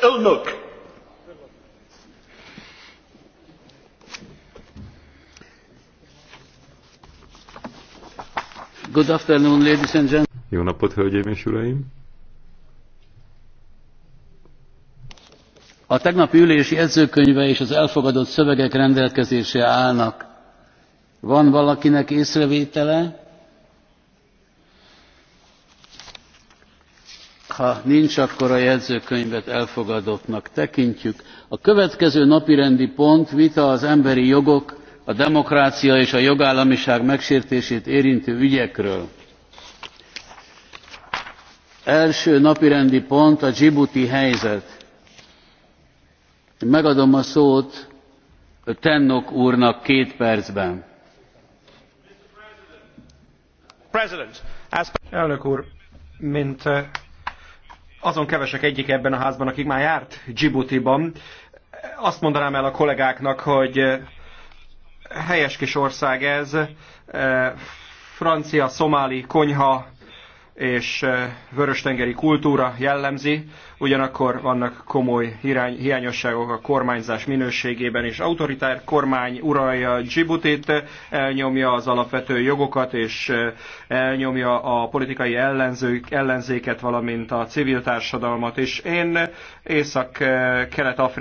elnök! Good afternoon, ladies and gentlemen. Jó napot, hölgyeim és uraim! A tegnapi ülési edzőkönyve és az elfogadott szövegek rendelkezésre állnak. Van valakinek észrevétele? ha nincs akkor a jegyzőkönyvet elfogadottnak tekintjük. a következő napirendi pont vita az emberi jogok a demokrácia és a jogállamiság megsértését érintő ügyekről. első napirendi pont a dzsibuti helyzet. megadom a szót tannock úrnak két percben. elnök úr mint eh, azon kevesek egyik ebben a házban, akik már járt Djibouti-ban. Azt mondanám el a kollégáknak, hogy eh, helyes kis ország ez, eh, francia, szomáli konyha, és eh, vöröstengeri kultúra jellemzi, ugyanakkor vannak komoly hiányosságok a kormányzás minőségében is. Autoritár kormány uralja Djibutit, elnyomja az alapvető jogokat, és eh, elnyomja a politikai ellenzők, ellenzéket, valamint a civil társadalmat is. Én eh, Észak-Kelet-Afrika